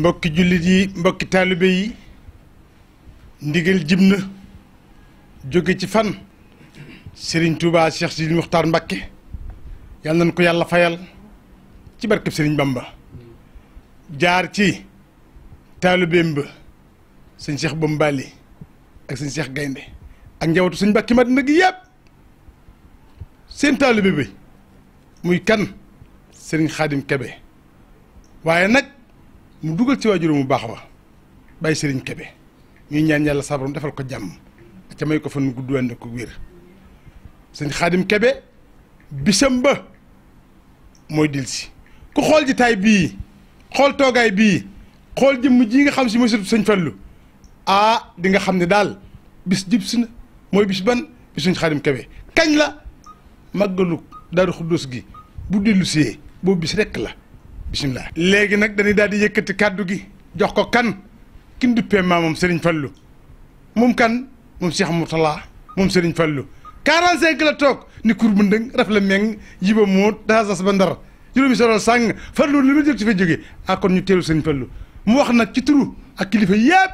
mbokki jullit yi mbokki taalibe yi ndigal jib jóge ci fan Serigne Touba Cheikh Sidi Muxtaar Mbakke yal nañ ko yàlla fayal ci barkeb Serigne Bamba jaar ci taalibeem ba sëñ Cheikh Bombali ak sëñ Cheikh Gaynde ak njabootu sëñ Mbakke Madina gi yëpp seen taalibe bi muy kan Serigne Xaadim Kebe waaye nag. mu dugal ci waajur mu baax wa bàyyi sëriñ Kebe ñuy ñaan yàlla sabaram defal ko jàmm ca may ko fan gudd wànd ko wér sëñ xaadim Kebe bisam ba mooy dilsi ku xool taay bii xool toogaay bii xool jëmm ji nga xam si mooy surtout sëñ Fallu ah di nga xam ne daal bis jib si na mooy bis ban bis sëñ xaadim Kebe kañ la màggalu daaru xuddus gi bu dellu see boobu bis rekk la bisimilah. léegi nag dañuy daal di yëkkati kàddu gi jox ko kan kin duppee maamam Serigne Fallou moom kan moom Cheikh Moutala moom Serigne Fallou 45 la toog ni kur bu ndëng raf la meng yiba moot daasas ba ndar juróomi sorol sàng Fallou li mu jël ci fa jóge ah kon ñu teelu Serigne Fallou mu wax nag ci turu ak kilifa yëpp.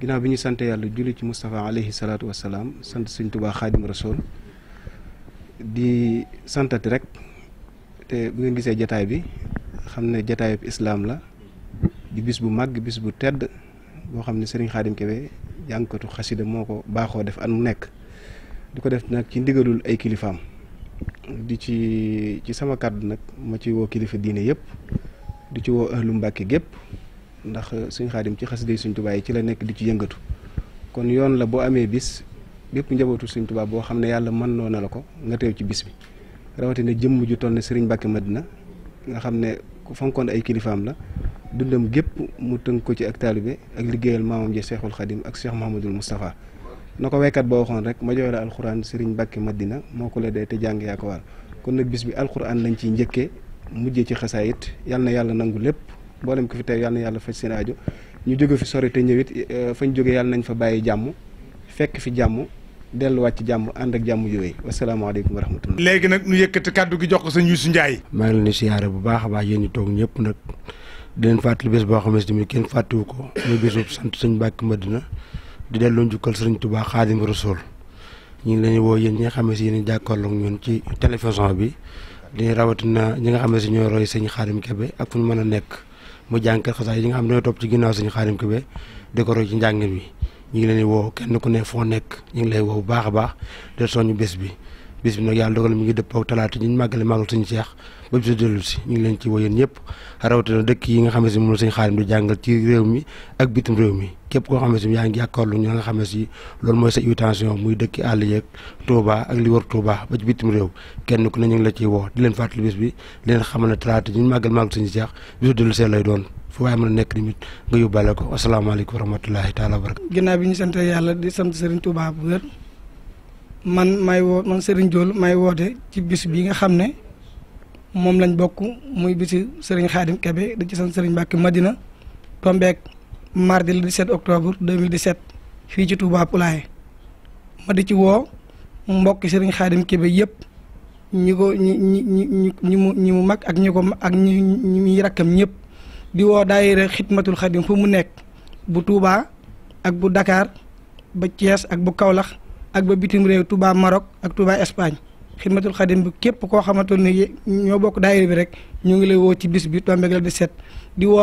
ginnaaw bi ñu sant yàlla julli ci Moustapha alayhi salaatu wa salaam sant Serigne Touba Khadim Rasoul di santati rek te bu ngeen gisee jataay bi. xam ne jataayub islaam la di bis bu màgg bis bu tedd boo xam ne sëriñ Xaadim Kebe jànkatu xasida moo ko baaxoo def an mu nekk di ko def nag ci ndigalul ay kilifaam di ci ci sama kàddu nag ma ci woo kilifa diine yëpp di ci woo ahlu Mbàkke gépp ndax suñ xaadim ci xasida yi suñ ci la nekk di ci yëngatu kon yoon la boo amee bis bépp njabootu suñ tubaa boo xam ne yàlla mën loo na la ko nga teew ci bis bi rawatina jëmm ju toll ne sëriñ Mbàkke Madina nga ku fonkoon ay kilifaam la dundam gépp mu tënk ko ci ak taalibe ak liggéeyal maamam ji Cheikhul Khadim ak Cheikh Mouhamadul Moustapha na ko waykat boo waxoon rek ma jooy la alxuraan Serigne Mbacke Madina moo ko la dee te jàng yaa ko war kon nag bis bi alxuraan lañ ciy njëkkee mujjee ci xasaayit yal na yàlla nangu lépp mboolem ko fi teew yal na yàlla faj seen aajo ñu jóge fi sori te ñëwit eh, fañ jóge yàlla nañ fa bàyyi jàmm fekk fi jàmm delluwaat ci jàmm ànd ak jàmm yooyu wasalaamaaleykum wa rahmatulah. léegi nag ñu yëkkati kàddu gi jox ko sëñ Youssou Ndiaye. maa ngi leen di siyaare bu baax baax yéen ñi toog ñëpp nag di leen fàttali boo xam ne kenn fàttiwu ko muy bésub sant sëñ Mbàkke Madina di delloo njukkal sëriñ Tuubaa Xaadimu Rasuul ñu ngi leen di woo yéen ñi nga xam ne si yéen jàkkaarloog ñun ci télévision bi di rawatina ñi nga xam ne si ñooy roy sëñ Xaadim Kebe ak fu ñu mën a nekk mu jànkal xasaay yi nga xam ne ñoo topp ci ginnaaw sëñ Xaadim Kebe di ko roy ci njàngin mi ñu ngi leen di woo kenn ku ne foo nekk ñu ngi lay woo bu baax a baax de soñu bés bi bés bi nag yàlla dogal mi ngi dëppoo talaata ñu màggale màggal suñu seex ba si ñu ngi leen ci woo yéen ñëpp rawatina dëkk yi nga xam ne si moom la suñu xaalim di jàngal ci réew bitim réew mi képp koo xam ne si yaa ngi jàkkaarlu ñoo xam ne si loolu mooy sa invitation muy dëkki àll yeeg Touba ak li wër Touba ba réew kenn ku ne ñu ngi la ciy woo di leen fàttali bés bi di leen xamal ne talaata ñu màggal màggal suñu seex bisu dellu see lay doon fu waaye mën a nekk tamit nga yóbbaale ko asalaamaaleykum wa rahmatulahi taala wa barakatu ginnaaw bi ñu sant yàlla di sant Serigne Touba bu wér man may woo man sëriñ Diol may woote ci bis bii nga xam ne moom lañ bokk muy bisi sëriñ Khadim Kebe di ci sant Serigne Mbacke Madina tombeek mardi le 17 octobre 2017 fii ci Touba Poulaye ma di ci woo mbokk Serigne Khadim Kebe yëpp ñi ko ñi ñi ñi ñi mu ñi mu mag ak ñi ko ak ñi ñi rakkam ñëpp. di woo daayira matul xadim fu mu nekk bu Touba ak bu dakaar ba Thiès ak bu kawlax ak ba bitim réew Touba marok ak Touba Espagne xidmatul xadim bi képp koo xamante ne ñoo bokk daayira bi rek ñu ngi lay woo ci bis bi tombeeg la di set di woo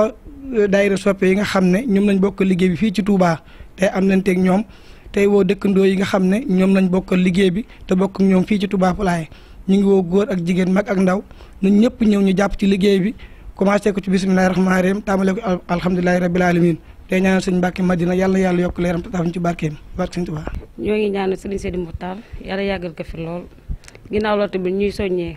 euh, daayira soppe yi nga xam ne ñoom lañ bokk liggéey bi fii ci Touba tey am nañ teeg ñoom tey woo dëkkandoo yi nga xam ne ñoom lañ bokk liggéey bi te bokk ñoom fii ci Touba Poulaye ñu ngi woo góor ak jigéen mag ak ndaw ñun ñëpp ñëw ñu jàpp ci liggéey bi commencé ko ci bisimilahi rahmaani rahim tàmbale ko alhamdulilahi rabil alamin tey ñaanal sëñ Mbàkke Madina yàlla na yàlla yokk leeram te taaf ñu ci barkeem barke sëñ Tuubaa ñoo ngi ñaanal sëriñ Seydi Muxtaar yàlla yàggal ko fi lool ginnaaw loolu tamit ñuy soññee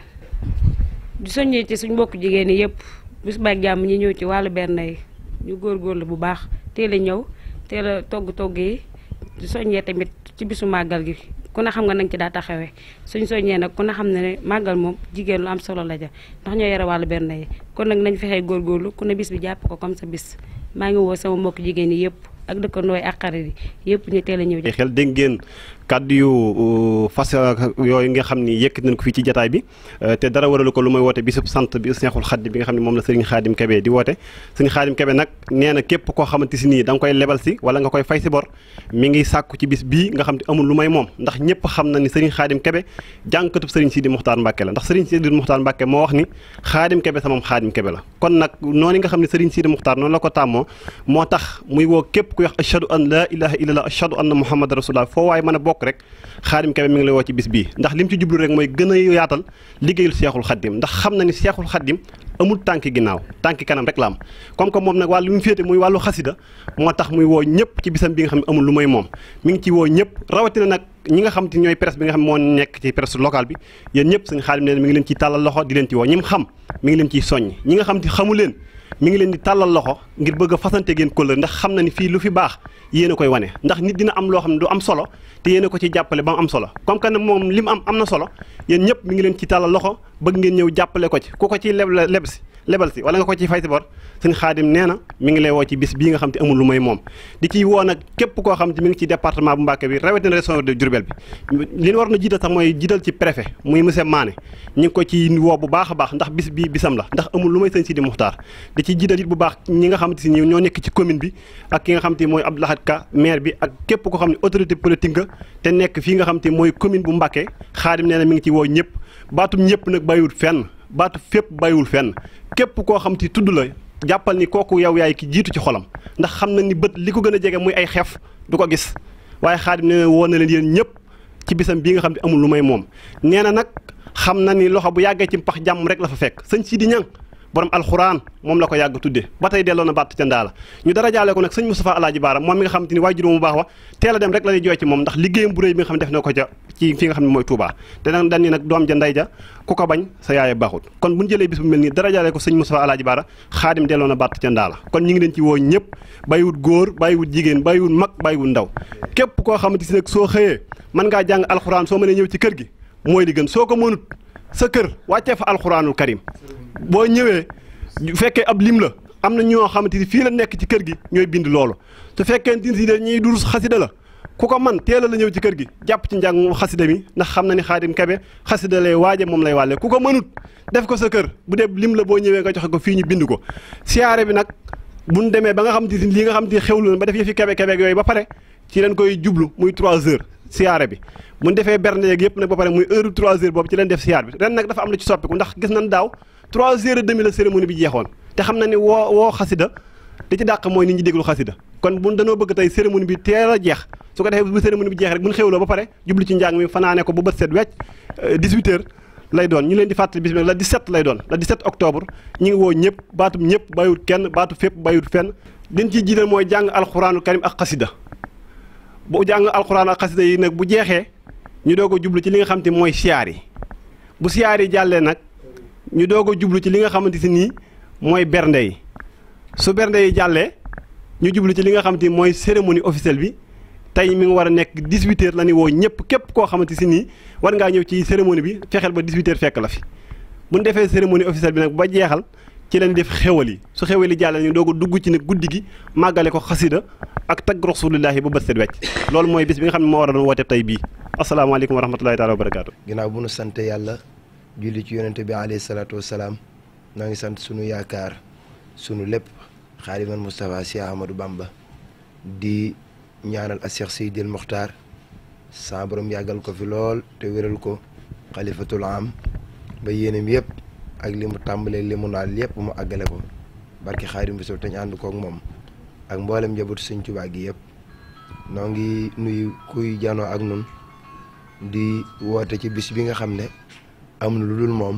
di soññee ci suñ mbokk jigéen yi yëpp bis baak jàmm ñi ñëw ci wàllu benn yi ñu góorgóorlu bu baax teel a ñëw teel a togg togg yi di soññee tamit ci bisu màggal gi ku ne xam nga nanga ci daa taxawee suñ soññee nag ku ne xam ne ne màggal moom jigéen lu am solo la ja ndax ñoo yore wàllu benn yi kon nag nañ fexee góorgóorlu ku ne bis bi jàpp ko comme sa bis maa ngi woo sama mbokk jigéen yi yëpp ak dëkkandooy ak xarit yi yëpp ñu teel a ñëw xel dégg ngeen kàddu yu fas yooyu nga xam ni yëkkat nañ ko fii ci jataay bi euh, te dara waralu ko lu mooy woote bisub sant bi Seexul Xaadim bi nga xam ne moom la Sëriñ Xaadim Kebe di woote Sëriñ Xaadim Kebe nag nee képp koo xamante si nii da koy lebal si wala nga koy fay si bor mi ngi sàkku ci bis bii nga xam ne amul lu may moom ndax ñëpp xam na ni Sëriñ Xaadim Kebe jànkatub Sëriñ Sidi Muxtaar Mbàkke la ndax Sëriñ Sidi Muxtaar Mbàkke moo wax ni Xaadim Kebe sa moom Xaadim Kebe la kon nag noonu nga xam ne Sëriñ Sidi Muxtaar noonu la ko tàmmoo moo tax muy woo képp ku wax ashhadu an la ilaha illallah a bokk rek xaadim kebe mi ngi lay woo ci bis bii ndax lim ci jublu rek mooy gën a yaatal liggéeyul seexul xaddim ndax xam na ni seexul xaddim amul tànki ginnaaw tànki kanam rek la am comme que moom nag wàllu mu féete muy wàllu xasida moo tax muy woo ñëpp ci bisam bi nga xam ne amul lu may moom mi ngi ci woo ñëpp rawatina nag ñi nga xam te ñooy presse bi nga xam moo nekk ci presse locale bi yéen ñëpp sëñ nga xam te xamu mi ngi leen di tàllal loxo ngir bëgg fasante ngeen kóllëre ndax xam na ni fii lu fi baax yéen a koy wane ndax nit dina am loo xam ne du am solo te yéen ko ci jàppale ba mu am solo comme que moom li mu am am na solo yéen ñëpp mu ngi leen ci tàllal loxo bëgg ngeen ñëw jàppale ko ci ku ko ci leb leb si lebal si wala nga ko ci fay si bor xaadim nee na mi ngi lay woo ci bis bii nga xam te amul lu may moom di ciy woo nag képp koo xam te mi ngi ci département bu Mbàkke bi rawatina région de Diourbel bi li war na jiital sax mooy jiital ci préfet muy monsieur Mané ñi ngi ko ci woo bu baax a baax ndax bis bii bisam la ndax amul lu may si Sidi Muxtaar di ci jiital it bu baax ñi nga xam te si ñoo nekk ci commune bi ak ki nga xam te mooy Abdou Lahad Ka maire bi ak képp ko xam ne autorité politique nga te nekk fii nga xam te mooy commune bu Mbàkke xaadim nee na mi ngi ci woo ñëpp baatum ñëpp nag bàyyiwut fenn baatu fépp baywul fenn képp koo xam te tudd la jàppal ni kooku yow yaay ki jiitu ci xolam ndax xam na ni bët li ko gën a jege muy ay xef du ko gis waaye xaadim na woo na leen yéen ñëpp ci bisam bii nga xam ne amul lu may moom nee na nag xam na ni loxo bu yàggee ci mpax jàmm rek la fa fekk sëñ sii di ñang borom alxuraan moom la ko yàgg tudde ba tey delloo na bàtt ca ndaa la ñu dara jaale ko nag sëñ Moustapha Alaaji Baara moom mi nga xam te ni waajur mu baax wa teel a dem rek la ñuy jooy ci moom ndax liggéeyam bu réy bi nga xam def na ko ca ci fi nga xam ne ko sa yaaya baaxut kon bu ñu jëlee bis bu mel nii dara jaale ko sëñ Moustapha Alaaji Baara xaadim delloo na bàtt ca ndaa la kon ñu ngi leen ci woo ñëpp bàyyiwut góor bàyyiwut jigéen bàyyiwut mag bàyyiwut ndaw képp koo xamante si nag soo xëyee mën ngaa jàng alxuraan soo mënee ñëw ci kër gi mooy li gën soo ko mënut sa kër wàccee fa alxuraanul karim boo ñëwee bu fekkee ab lim la am na ñoo xamante ni fii la nekk ci kër gi ñooy bind loolu su fekkee ni si ñuy durus xasida la ku ko man teel la ñëw ci kër gi jàpp ci njàng xasida mi ndax xam na ni xaadim kabe xasida lay waaje moom lay wàlle ku ko mënut def ko sa kër bu dee lim la boo ñëwee nga joxe ko fii ñu bind ko siyaare bi nag bu buñ demee ba nga xam te lii nga xam te xewlu na ba def yëfi kabe kabe yooyu ba pare ci leen koy jublu muy 3 heures siyaare bi buñ defee berne yeeg yëpp nag ba pare muy heure trois heures boobu ci leen def siyaar bi ren nag dafa am lu ci soppiku ndax gis nañ daaw trois heures et demi la cérémonie bi jeexoon te xam na ni woo woo xasida li ci dàq mooy nit ñi déglu xasida kon buñ danoo bëgg tey cérémonie bi teel jeex su ko defee bu cérémonie bi jeex rek buñ xewloo ba pare jublu ci njàng mi fanaane ko bu bët set wecc 18 euh, lay doon ñu leen di fàttali bis la 17 lay doon la 17 octobre ñu ngi woo ñëpp baatum ñëpp bàyyiwut baatu fépp bàyyiwut fenn liñ ci jiital mooy jàng alxuraanul karim ak xasida bu jàng alxuraan ak xasida yi nag bu jeexee ñu doo a jublu ci li nga xam te mooy siyaar yi bu siyaar yi jàllee nag ñu doog a jublu ci li nga xamante si nii mooy bernde su bernde yi jàllee ñu jublu ci li nga xam te mooy cérémonie officielle bi tey mi ngi war a nekk 18 la ni woo ñëpp képp koo xamante si nii war ngaa ñëw ci cérémonie bi fexeel ba 18 heures fekk la fi bu ñu defee cérémonie officielle bi nag ba jeexal ci lañ def xewal yi su xewal yi jàll ñu doog a dugg ci nag guddi gi màggale ko xasida ak tagg rasulillahi ba bët wecc loolu mooy bis bi nga xam ne moo war a doon woote tey bii asalaamaaleykum wa rahmatullahi taala wa barakaatu. ginnaaw bu nu sant yàlla julli ci yonente bi alayhi salaatu salaam noo ngi sant sunu yaakaar sunu lépp xaaliman Moustapha si Ahmadou Bamba di ñaanal a Cheikh Seydil Mokhtar sa borom yàggal ko fi lool te wéral ko xalifatul am ba yéenam yëpp. ak li mu tàmbalee li mu naal mu àggale ko barki xaadim bi te ñu ànd koog moom ak mboolem njabootu sëñ Tuubaa gi yëpp noo ngi nuyu kuy janoo ak nun di woote ci bis bi nga xam ne am na lu dul moom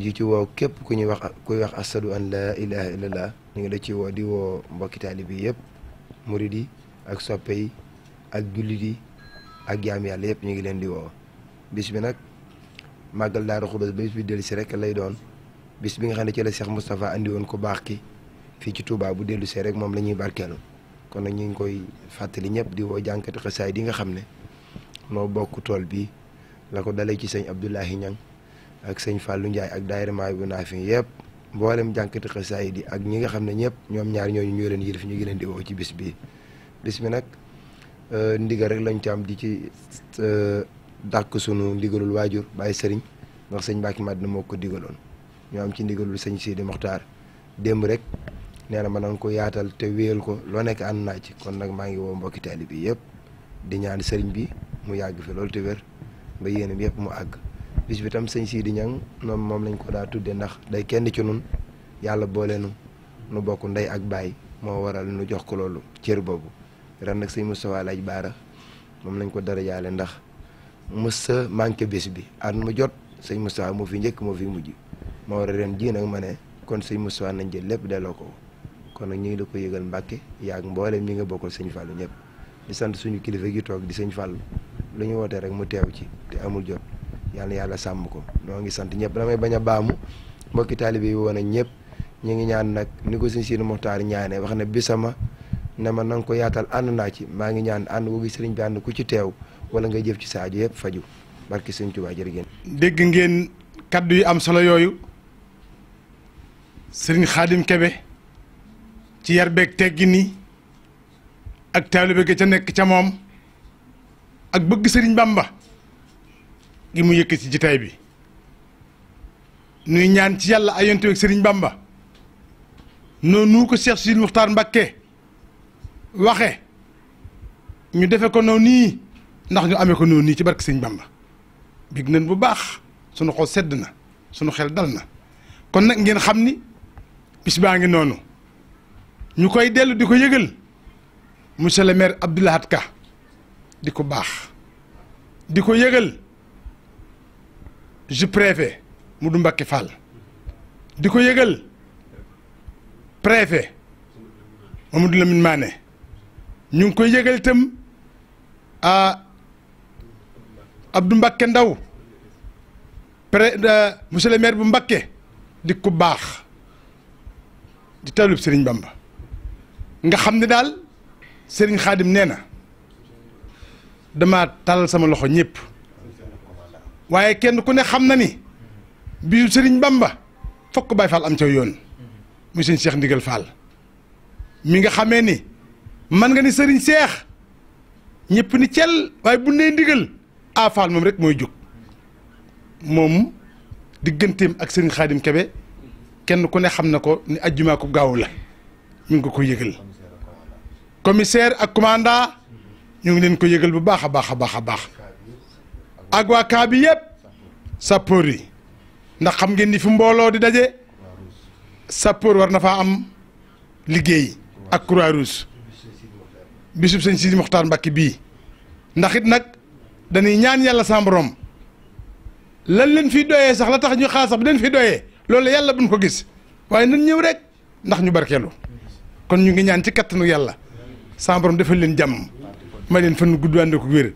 ji ci woo képp ku ñuy wax kuy wax asadu an laa ilaha illallah ñu ngi da ci woo di woo mbokki taalib yi yëpp murid yi ak soppe ak jullit yi ak jaam yàlla yëpp ñu ngi leen di woo bis bi nag màggal Daaru Xubas ba bis bi dellu si rek lay doon bis bi nga xam ne ci la Cheikh Moustapha andi woon ko baax ki fii ci Touba bu dellu see rek moom la ñuy barkeelu kon nag ñu ngi koy fàttali ñëpp di woo jànkati xasaay di nga xam ne noo bokk tool bi la ko dalee ci sëñ Abdoulahi Niang ak sëñ Fallou Ndiaye ak daayira Maay bu naa fi yëpp mboolem jànkati xasaay di ak ñi nga xam ne ñëpp ñoom ñaar ñooñu ñoo leen yilif ñu ngi leen di woo ci bis bi bis bi nag euh, ndigal rek lañ ci am di ci euh, dàq sunu ndigalul waajur bàyyi sëriñ ndax sëñ Mbacke Madina moo ko digaloon ñu am ci ndigalul sëñ Sidi Mokhtar démb rek nee na ma nan ko yaatal te wéyal ko loo nekk ànd naa ci kon nag maa ngi woo mbokki taalibe bi yëpp di ñaan sëriñ bi mu yàgg fi loolu te wér ba yéenam yëpp mu àgg bis bi tam sëñ Sidi Ñang moom moom lañ ko daa tuddee ndax day kenn ci nun yàlla boole nu nu bokk ndey ak baay moo waral nu jox ko loolu cër boobu ren nag sëñ Moustapha Laaj Baara moom lañ ko dara ndax mësa manqué bés bi at mu jot sëñ Moustapha moo fi njëkk moo fi mujj moo war a ren ji nag ma ne kon sëñ Moustapha nañ jël lépp delloo ko kon nag ñu ngi la ko yëgal Mbàkke yaag mboolem ñi nga bokkal sëñ Fallou ñëpp di sant suñu kilifa gi toog di sëñ Fallou lu ñu wootee rek mu teew ci te amul jot yal na yàlla sàmm ko noo ngi sant ñëpp damay bañ a baamu mbokki taalibe yi woon a ñëpp ñu ngi ñaan nag ni ko sëñ Sidi Moxtaar ñaanee wax ne bisama ne ma na ko yaatal ànd naa ci maa ngi ñaan ànd ko sëriñ bi ànd ku ci teew wala ngay jëf ci sa aajo yëpp faju barki sëñ Tuubaa jërë dégg ngeen kaddu yu am solo yooyu sëriñ Xaadim Kebe ci yar beeg teggi nii ak taalibe ga ca nekk ca moom ak bëgg sëriñ Bamba gi mu yëkk ci jitaay bi nuy ñaan ci yàlla ay yonte sëriñ Bamba noonu ko Cheikh si Muxtaar Mbakke waxe ñu defe ko noonu nii ndax ñu amee ko noonu nii ci barke sëñ Bamba big nañ bu baax sunu xol sedd na sunu xel dal na kon nag ngeen xam ni bis baa ngi noonu ñu koy dellu di ko yëgal monsieur le maire Abdou Lahad Ka di ko baax di ko yëgal ju préfet mu du Mbacke Fall di ko yëgal préfet Mamadou Lamine Mané ñu ngi koy yëgal itam ah ab Abdou Mbakke Ndaw pré euh, monsieur le maire bu Mbakke di ku baax di taalib Serigne Bamba nga xam ne daal sëriñ Khadim nee na dama tàllal sama loxo ñëpp waaye kenn ku ne xam na ni bisu Serigne Bamba fokk Baye Fall am ca yoon muy sëñ Cheikh Ndigal Fall mi nga xamee ni man nga ni Serigne seex ñëpp ni cel waaye bu nee ndigal aafaal moom rek mooy jóg moom digganteem ak Serigne Khadim Kebe kenn ku ne xam na ko ni ajjumaa ko gaaw la ñu ngi ko koy yëgal commissaire ak commandant ñu ngi leen ko yëgal bu baax a baax a baax a baax ak waa kaa bi yëpp sappoor yi ndax xam ngeen ni fi mbooloo di daje sappoor war na faa am liggéey ak Croix-Rouge bisub sëñ Sidi Moxtaar Mbàkke bii ndax nag dañuy ñaan yàlla sa lan leen fi doyee sax la tax ñu xaas sax bu leen fi doyee loolu yàlla buñ ko gis waaye nan ñëw rek ndax ñu barkeelu kon ñu ngi ñaan ci kattanu yàlla sa borom defal leen jàmm may leen fan gudd ànd ko wér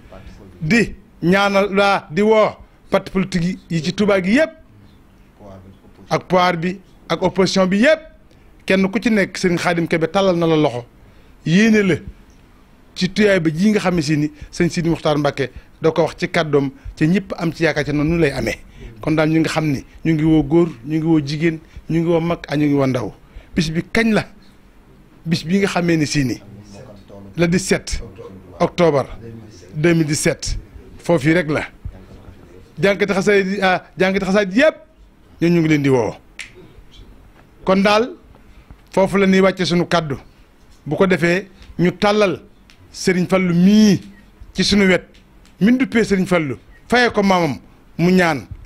ñaanal laa di woo parti politique yi ci Touba gi yëpp ak pouvoir bi ak opposition bi yëpp kenn ku ci nekk Serigne Khadim Kébé tàllal na la loxo yéene la ci tuyaay ba ji nga xam ne si ni sëñ Sidi Muxtaar Mbàkke da ko wax ci kàddoom ci ñëpp am ci yaakaar ci noonu lay amee kon daal ñu ngi xam ni ñu ngi woo góor ñu ngi woo jigéen ñu ngi woo mag a ñu ngi woo ndaw bis bi kañ la bis bi nga xamee ni sii nii le 17 octobre 2017 foofu rek la jànkati xasaay ah jànkati xasaay yëpp ñun ñu ngi leen di woo kon daal foofu la ñuy wàcce suñu kàddu bu ko defee ñu tàllal Serigne Fallou mii ci sunu wet. min duppee Serigne Fallou fayee ko maamam mu ñaan